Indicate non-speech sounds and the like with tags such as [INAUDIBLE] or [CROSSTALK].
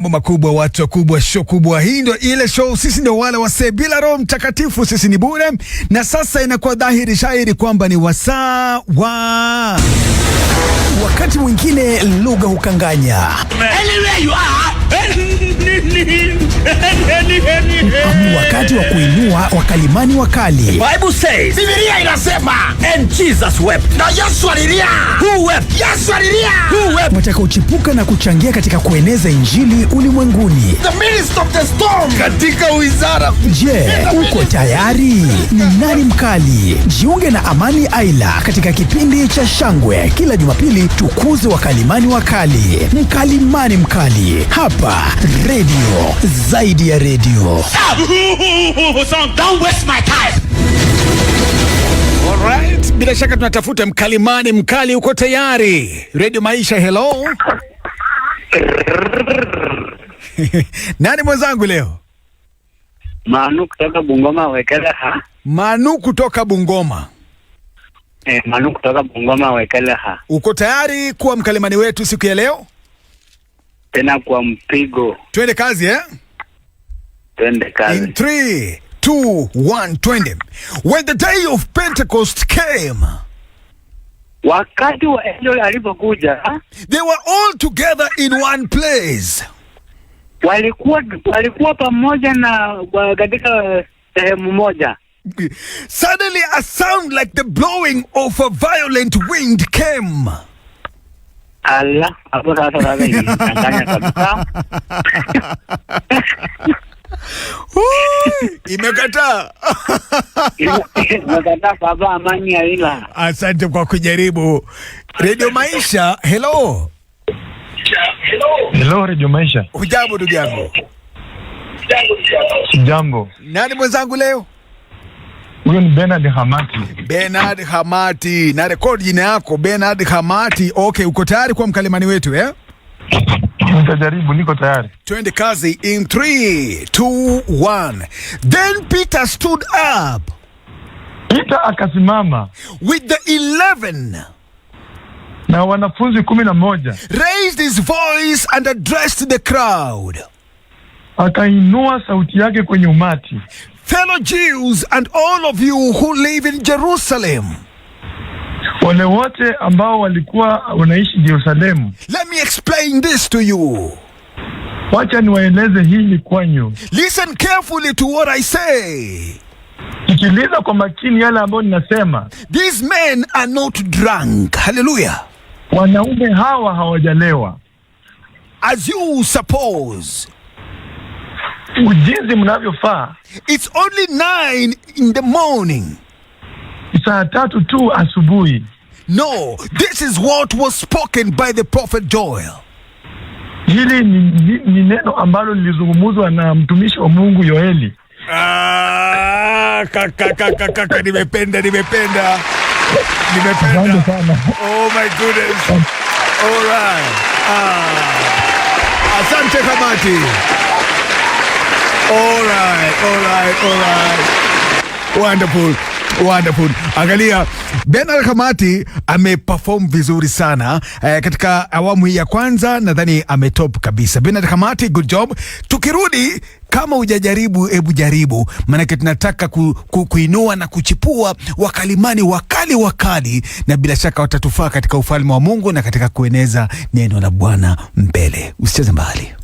Mambo makubwa, watu wakubwa, show kubwa. Hii ndio ile show, sisi ndio wale wasee. Bila Roho Mtakatifu sisi ni bure, na sasa inakuwa dhahiri shairi kwamba ni wasaa wa wakati mwingine lugha hukanganya. you are heli, Wakati wa kuinua wakalimani wakali. Bible says, Biblia inasema, and Jesus wept. Na Yesu alilia. Who wept? Yesu alilia. Who wept? Watakaochipuka na kuchangia katika kueneza injili ulimwenguni. The minister of the storm. Katika wizara. Je, uko tayari? Ni nani mkali? Jiunge na Amani Aila katika kipindi cha shangwe kila Jumapili, tukuze wakalimani wakali. Mkalimani mkali hapa Radio zaidi ya radio. don't waste my time. Alright, bila shaka tunatafuta mkalimani mkali, uko tayari? Radio Maisha, hello. [LAUGHS] Nani mwenzangu leo? Manu kutoka Bungoma wekele ha. Manu kutoka Bungoma. Eh, Manu kutoka Bungoma wekele ha. Uko tayari kuwa mkalimani wetu siku ya leo? Tena kwa mpigo. Twende kazi eh? Twende kazi. In three, two, one, twende. When the day of Pentecost came, wakati wa Eloi alipokuja, they were all together in one place. Walikuwa walikuwa pamoja na katika sehemu moja. Suddenly a sound like the blowing of a violent wind came. Ala, hapo sasa [LAUGHS] [LAUGHS] imekataa Asante kwa kujaribu. redio Maisha, hello. Hello Radio Maisha. Hujambo ndugu yangu. Jambo. Nani mwenzangu leo? Huyo ni benard Hamati. benard Hamati, na rekodi jina yako benard Hamati. Okay, uko tayari kuwa mkalimani wetu eh? Nitajaribu, niko tayari. Twende kazi in 3 2 1. Then Peter stood up. Peter akasimama. With the 11 na wanafunzi kumi na moja. Raised his voice and addressed the crowd. Akainua sauti yake kwenye umati. Fellow Jews and all of you who live in Jerusalem. Wale wote ambao walikuwa wanaishi Yerusalemu. Let me explain this to you. Wacha niwaeleze hili kwanyu. Listen carefully to what I say. Sikiliza kwa makini yale ambayo ninasema. These men are not drunk. Hallelujah. Wanaume hawa hawajalewa. As you suppose. ujinzi mnavyofaa. It's only nine in the morning. Saa tatu tu asubuhi. No, this is what was spoken by the prophet Joel. Hili ni, neno ambalo lilizungumzwa na mtumishi wa Mungu Yoeli. Ah, kaka kaka kaka, nimependa nimependa nimependa. Oh my goodness. All right. Ah. Asante kamati. All right, all right, all right. Wonderful. Wonderful. Angalia Bernard Kamati ameperform vizuri sana eh, katika awamu hii ya kwanza nadhani ametop kabisa. Bernard Kamati, good job. Tukirudi kama hujajaribu, hebu jaribu, maanake tunataka ku, ku, kuinua na kuchipua wakalimani wakali wakali, na bila shaka watatufaa katika ufalme wa Mungu na katika kueneza neno la Bwana mbele. Usicheze mbali.